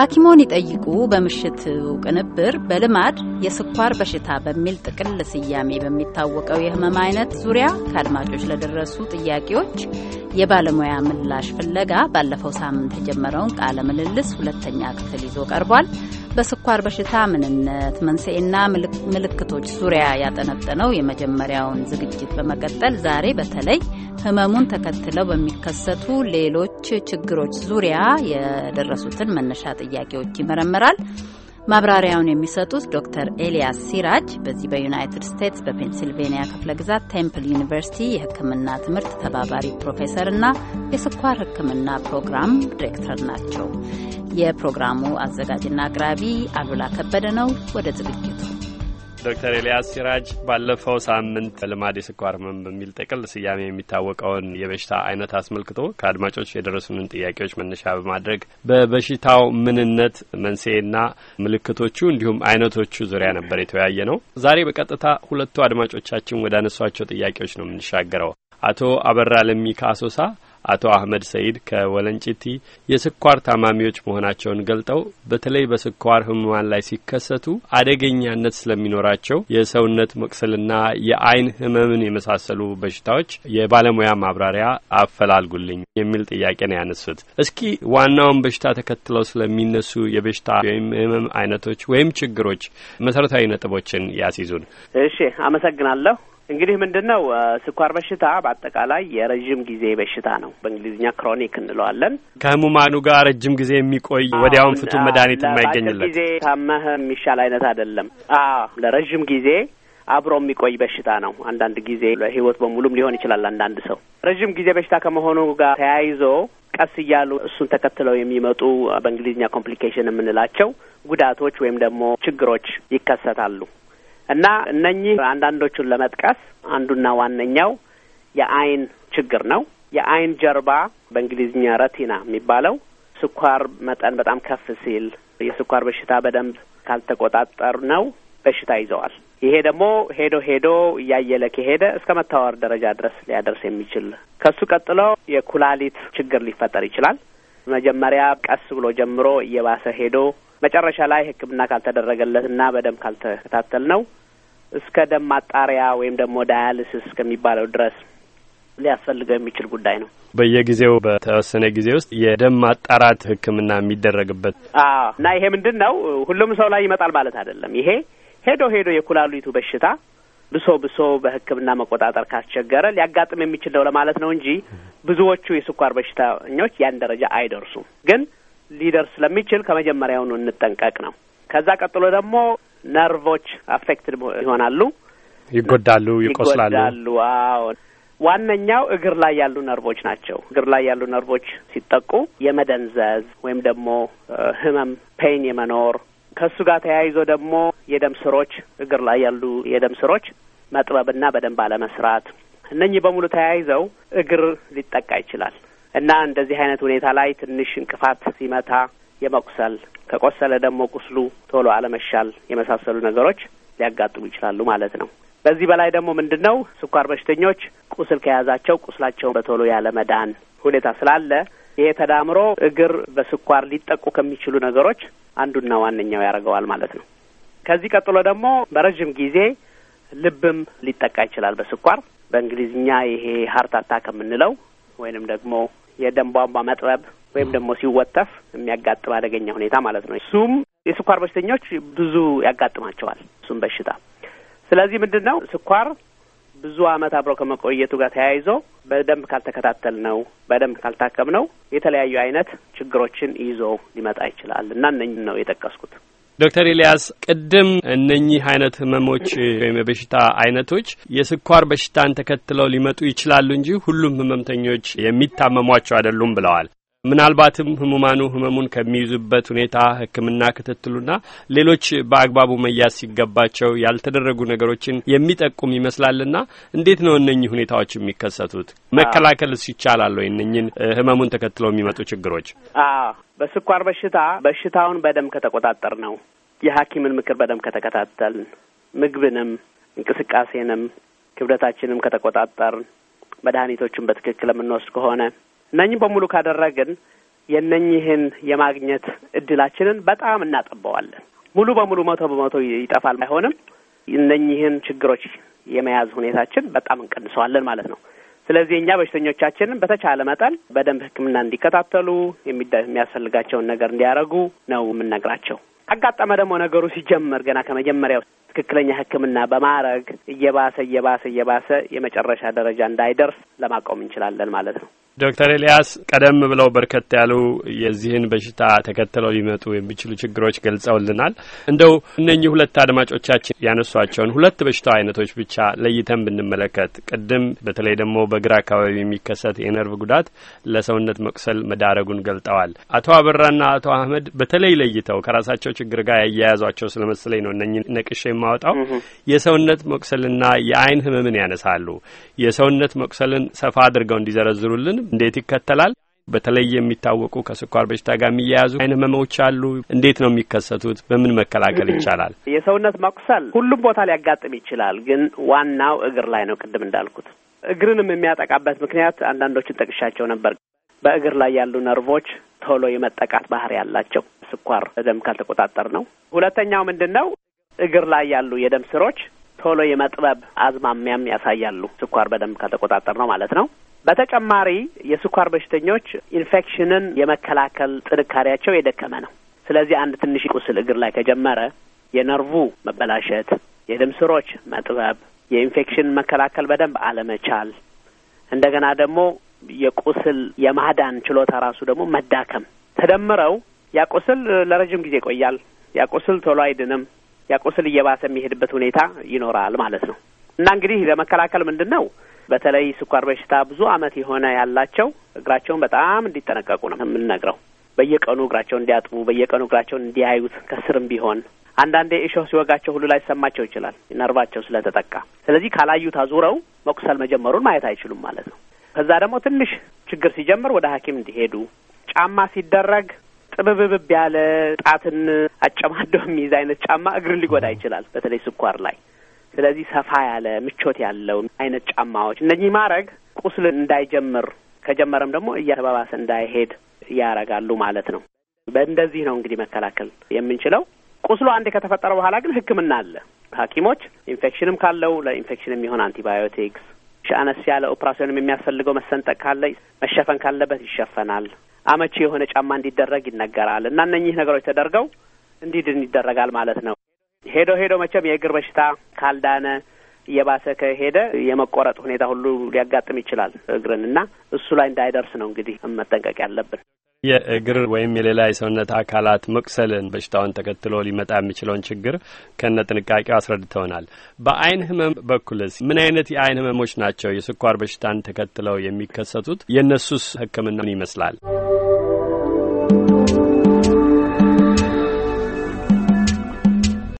ሐኪሞን ይጠይቁ በምሽት ቅንብር በልማድ የስኳር በሽታ በሚል ጥቅል ስያሜ በሚታወቀው የህመም አይነት ዙሪያ ከአድማጮች ለደረሱ ጥያቄዎች የባለሙያ ምላሽ ፍለጋ ባለፈው ሳምንት የጀመረውን ቃለ ምልልስ ሁለተኛ ክፍል ይዞ ቀርቧል። በስኳር በሽታ ምንነት፣ መንስኤና ምልክ ምልክቶች ዙሪያ ያጠነጠነው የመጀመሪያውን ዝግጅት በመቀጠል ዛሬ በተለይ ህመሙን ተከትለው በሚከሰቱ ሌሎች ችግሮች ዙሪያ የደረሱትን መነሻ ጥያቄዎች ይመረምራል። ማብራሪያውን የሚሰጡት ዶክተር ኤልያስ ሲራጅ በዚህ በዩናይትድ ስቴትስ በፔንሲልቬንያ ክፍለ ግዛት ቴምፕል ዩኒቨርሲቲ የሕክምና ትምህርት ተባባሪ ፕሮፌሰርና የስኳር ሕክምና ፕሮግራም ዲሬክተር ናቸው። የፕሮግራሙ አዘጋጅና አቅራቢ አሉላ ከበደ ነው። ወደ ዝግጅቱ ዶክተር ኤልያስ ሲራጅ ባለፈው ሳምንት ልማድ የስኳር ህመም በሚል ጥቅል ስያሜ የሚታወቀውን የበሽታ አይነት አስመልክቶ ከአድማጮች የደረሱንን ጥያቄዎች መነሻ በማድረግ በበሽታው ምንነት፣ መንስኤና ምልክቶቹ እንዲሁም አይነቶቹ ዙሪያ ነበር የተወያየ ነው። ዛሬ በቀጥታ ሁለቱ አድማጮቻችን ወዳነሷቸው ጥያቄዎች ነው የምንሻገረው። አቶ አበራ ለሚ ከአሶሳ አቶ አህመድ ሰይድ ከወለንጭቲ የስኳር ታማሚዎች መሆናቸውን ገልጠው በተለይ በስኳር ህሙማን ላይ ሲከሰቱ አደገኛነት ስለሚኖራቸው የሰውነት መቅሰልና የአይን ህመምን የመሳሰሉ በሽታዎች የባለሙያ ማብራሪያ አፈላልጉልኝ የሚል ጥያቄ ነው ያነሱት። እስኪ ዋናውን በሽታ ተከትለው ስለሚነሱ የበሽታ ወይም ህመም አይነቶች ወይም ችግሮች መሰረታዊ ነጥቦችን ያስይዙን። እሺ፣ አመሰግናለሁ። እንግዲህ ምንድን ነው ስኳር በሽታ በአጠቃላይ የረዥም ጊዜ በሽታ ነው። በእንግሊዝኛ ክሮኒክ እንለዋለን። ከህሙማኑ ጋር ረጅም ጊዜ የሚቆይ ወዲያውን ፍቱን መድኃኒት የማይገኝለት ጊዜ ታመህ የሚሻል አይነት አይደለም። ለረዥም ጊዜ አብሮ የሚቆይ በሽታ ነው። አንዳንድ ጊዜ ለህይወት በሙሉም ሊሆን ይችላል። አንዳንድ ሰው ረዥም ጊዜ በሽታ ከመሆኑ ጋር ተያይዞ ቀስ እያሉ እሱን ተከትለው የሚመጡ በእንግሊዝኛ ኮምፕሊኬሽን የምንላቸው ጉዳቶች ወይም ደግሞ ችግሮች ይከሰታሉ። እና እነኚህ አንዳንዶቹን ለመጥቀስ አንዱና ዋነኛው የአይን ችግር ነው። የአይን ጀርባ በእንግሊዝኛ ረቲና የሚባለው ስኳር መጠን በጣም ከፍ ሲል የስኳር በሽታ በደንብ ካልተቆጣጠር ነው በሽታ ይዘዋል። ይሄ ደግሞ ሄዶ ሄዶ እያየለ ከሄደ እስከ መታወር ደረጃ ድረስ ሊያደርስ የሚችል ከሱ ቀጥሎ የኩላሊት ችግር ሊፈጠር ይችላል። መጀመሪያ ቀስ ብሎ ጀምሮ እየባሰ ሄዶ መጨረሻ ላይ ሕክምና ካልተደረገለት እና በደም ካልተከታተል ነው እስከ ደም ማጣሪያ ወይም ደግሞ ዳያልስስ እስከሚባለው ድረስ ሊያስፈልገው የሚችል ጉዳይ ነው። በየጊዜው በተወሰነ ጊዜ ውስጥ የደም ማጣራት ሕክምና የሚደረግበት እና ይሄ ምንድን ነው ሁሉም ሰው ላይ ይመጣል ማለት አይደለም። ይሄ ሄዶ ሄዶ የኩላሊቱ በሽታ ብሶ ብሶ በህክምና መቆጣጠር ካስቸገረ ሊያጋጥም የሚችል ነው ለማለት ነው እንጂ ብዙዎቹ የስኳር በሽተኞች ያን ደረጃ አይደርሱም ግን ሊደርስ ስለሚችል ከመጀመሪያውኑ እንጠንቀቅ ነው። ከዛ ቀጥሎ ደግሞ ነርቮች አፌክትድ ይሆናሉ፣ ይጎዳሉ፣ ይቆስላሉ። አዎ ዋነኛው እግር ላይ ያሉ ነርቮች ናቸው። እግር ላይ ያሉ ነርቮች ሲጠቁ የመደንዘዝ ወይም ደግሞ ህመም ፔን የመኖር ከእሱ ጋር ተያይዞ ደግሞ የደም ስሮች እግር ላይ ያሉ የደም ስሮች መጥበብና በደንብ አለመስራት እነኚህ በሙሉ ተያይዘው እግር ሊጠቃ ይችላል። እና እንደዚህ አይነት ሁኔታ ላይ ትንሽ እንቅፋት ሲመታ የመቁሰል ከቆሰለ ደግሞ ቁስሉ ቶሎ አለመሻል የመሳሰሉ ነገሮች ሊያጋጥሙ ይችላሉ ማለት ነው። በዚህ በላይ ደግሞ ምንድን ነው ስኳር በሽተኞች ቁስል ከያዛቸው ቁስላቸውን በቶሎ ያለ መዳን ሁኔታ ስላለ ይሄ ተዳምሮ እግር በስኳር ሊጠቁ ከሚችሉ ነገሮች አንዱና ዋነኛው ያደርገዋል ማለት ነው። ከዚህ ቀጥሎ ደግሞ በረዥም ጊዜ ልብም ሊጠቃ ይችላል በስኳር በእንግሊዝኛ ይሄ ሀርት አታክ የምንለው ወይንም ደግሞ የደም ቧንቧ መጥበብ ወይም ደግሞ ሲወተፍ የሚያጋጥም አደገኛ ሁኔታ ማለት ነው። እሱም የስኳር በሽተኞች ብዙ ያጋጥማቸዋል እሱም በሽታ። ስለዚህ ምንድን ነው ስኳር ብዙ አመት አብሮ ከመቆየቱ ጋር ተያይዞ በደንብ ካልተከታተል ነው በደንብ ካልታከም ነው የተለያዩ አይነት ችግሮችን ይዞ ሊመጣ ይችላል እና እነኝን ነው የጠቀስኩት። ዶክተር ኤልያስ ቅድም እነኚህ አይነት ህመሞች ወይም የበሽታ አይነቶች የስኳር በሽታን ተከትለው ሊመጡ ይችላሉ እንጂ ሁሉም ህመምተኞች የሚታመሟቸው አይደሉም ብለዋል። ምናልባትም ህሙማኑ ህመሙን ከሚይዙበት ሁኔታ ሕክምና ክትትሉና ሌሎች በአግባቡ መያዝ ሲገባቸው ያልተደረጉ ነገሮችን የሚጠቁም ይመስላልና እንዴት ነው እነኚህ ሁኔታዎች የሚከሰቱት? መከላከልስ ይቻላል ወይ እነኚህን ህመሙን ተከትለው የሚመጡ ችግሮች? በስኳር በሽታ በሽታውን በደንብ ከተቆጣጠር ነው የሐኪምን ምክር በደንብ ከተከታተል ምግብንም እንቅስቃሴንም ክብደታችንም ከተቆጣጠር መድኃኒቶቹን በትክክል የምንወስድ ከሆነ እነኝህም በሙሉ ካደረግን የእነኝህን የማግኘት እድላችንን በጣም እናጠበዋለን። ሙሉ በሙሉ መቶ በመቶ ይጠፋል አይሆንም። እነኝህን ችግሮች የመያዝ ሁኔታችን በጣም እንቀንሰዋለን ማለት ነው። ስለዚህ እኛ በሽተኞቻችንን በተቻለ መጠን በደንብ ሕክምና እንዲከታተሉ የሚያስፈልጋቸውን ነገር እንዲያደርጉ ነው የምንነግራቸው። አጋጠመ ደግሞ ነገሩ ሲጀመር ገና ከመጀመሪያው ትክክለኛ ሕክምና በማድረግ እየባሰ እየባሰ እየባሰ የመጨረሻ ደረጃ እንዳይደርስ ለማቆም እንችላለን ማለት ነው። ዶክተር ኤልያስ ቀደም ብለው በርከት ያሉ የዚህን በሽታ ተከትለው ሊመጡ የሚችሉ ችግሮች ገልጸውልናል። እንደው እነኚህ ሁለት አድማጮቻችን ያነሷቸውን ሁለት በሽታ አይነቶች ብቻ ለይተን ብንመለከት ቅድም በተለይ ደግሞ በግራ አካባቢ የሚከሰት የነርቭ ጉዳት ለሰውነት መቁሰል መዳረጉን ገልጠዋል። አቶ አበራና አቶ አህመድ በተለይ ለይተው ከራሳቸው ችግር ጋር ያያያዟቸው ስለመሰለኝ ነው እነኚህ ነቅሼ የማወጣው። የሰውነት መቁሰልና የአይን ህመምን ያነሳሉ። የሰውነት መቁሰልን ሰፋ አድርገው እንዲዘረዝሩልን እንዴት ይከተላል? በተለይ የሚታወቁ ከስኳር በሽታ ጋር የሚያያዙ አይነ ህመሞች አሉ። እንዴት ነው የሚከሰቱት? በምን መከላከል ይቻላል? የሰውነት መቁሰል ሁሉም ቦታ ሊያጋጥም ይችላል፣ ግን ዋናው እግር ላይ ነው። ቅድም እንዳልኩት እግርንም የሚያጠቃበት ምክንያት አንዳንዶችን ጠቅሻቸው ነበር። በእግር ላይ ያሉ ነርቮች ቶሎ የመጠቃት ባህሪ ያላቸው ስኳር ደም ካልተቆጣጠር ነው። ሁለተኛው ምንድን ነው? እግር ላይ ያሉ የደም ስሮች ቶሎ የመጥበብ አዝማሚያም ያሳያሉ። ስኳር በደንብ ካልተቆጣጠር ነው ማለት ነው። በተጨማሪ የስኳር በሽተኞች ኢንፌክሽንን የመከላከል ጥንካሬያቸው የደከመ ነው። ስለዚህ አንድ ትንሽ ቁስል እግር ላይ ከጀመረ የነርቩ መበላሸት፣ የደም ስሮች መጥበብ፣ የኢንፌክሽን መከላከል በደንብ አለመቻል፣ እንደገና ደግሞ የቁስል የማዳን ችሎታ ራሱ ደግሞ መዳከም ተደምረው ያ ቁስል ለረጅም ጊዜ ይቆያል። ያ ቁስል ቶሎ አይድንም። ያ ቁስል እየባሰ የሚሄድበት ሁኔታ ይኖራል ማለት ነው። እና እንግዲህ ለመከላከል ምንድን ነው በተለይ ስኳር በሽታ ብዙ አመት የሆነ ያላቸው እግራቸውን በጣም እንዲጠነቀቁ ነው የምንነግረው። በየቀኑ እግራቸውን እንዲያጥቡ፣ በየቀኑ እግራቸውን እንዲያዩት ከስርም ቢሆን አንዳንዴ እሾህ ሲወጋቸው ሁሉ ላይ ሰማቸው ይችላል ነርቫቸው ስለተጠቃ። ስለዚህ ካላዩት አዙረው መቁሰል መጀመሩን ማየት አይችሉም ማለት ነው። ከዛ ደግሞ ትንሽ ችግር ሲጀምር ወደ ሐኪም እንዲሄዱ ጫማ ሲደረግ ጥብብብብ ያለ ጣትን አጨማደው የሚይዝ አይነት ጫማ እግርን ሊጎዳ ይችላል። በተለይ ስኳር ላይ ስለዚህ ሰፋ ያለ ምቾት ያለው አይነት ጫማዎች እነዚህ ማድረግ ቁስል እንዳይጀምር ከጀመረም ደግሞ እያተባባሰ እንዳይሄድ ያረጋሉ ማለት ነው። በእንደዚህ ነው እንግዲህ መከላከል የምንችለው። ቁስሉ አንዴ ከተፈጠረ በኋላ ግን ሕክምና አለ። ሐኪሞች ኢንፌክሽንም ካለው ለኢንፌክሽን የሚሆን አንቲባዮቲክስ፣ ሻአነስ ያለ ኦፕራሲዮንም የሚያስፈልገው መሰንጠቅ ካለ መሸፈን ካለበት ይሸፈናል። አመቺ የሆነ ጫማ እንዲደረግ ይነገራል እና እነኚህ ነገሮች ተደርገው እንዲድን ይደረጋል ማለት ነው። ሄዶ ሄዶ መቼም የእግር በሽታ ካልዳነ እየባሰ ከሄደ የመቆረጥ ሁኔታ ሁሉ ሊያጋጥም ይችላል እግርን እና እሱ ላይ እንዳይደርስ ነው እንግዲህ መጠንቀቅ ያለብን። የእግር ወይም የሌላ የሰውነት አካላት መቁሰልን በሽታውን ተከትሎ ሊመጣ የሚችለውን ችግር ከነ ጥንቃቄው አስረድተውናል። በአይን ህመም በኩልስ ምን አይነት የአይን ህመሞች ናቸው የስኳር በሽታን ተከትለው የሚከሰቱት? የእነሱስ ሕክምና ምን ይመስላል?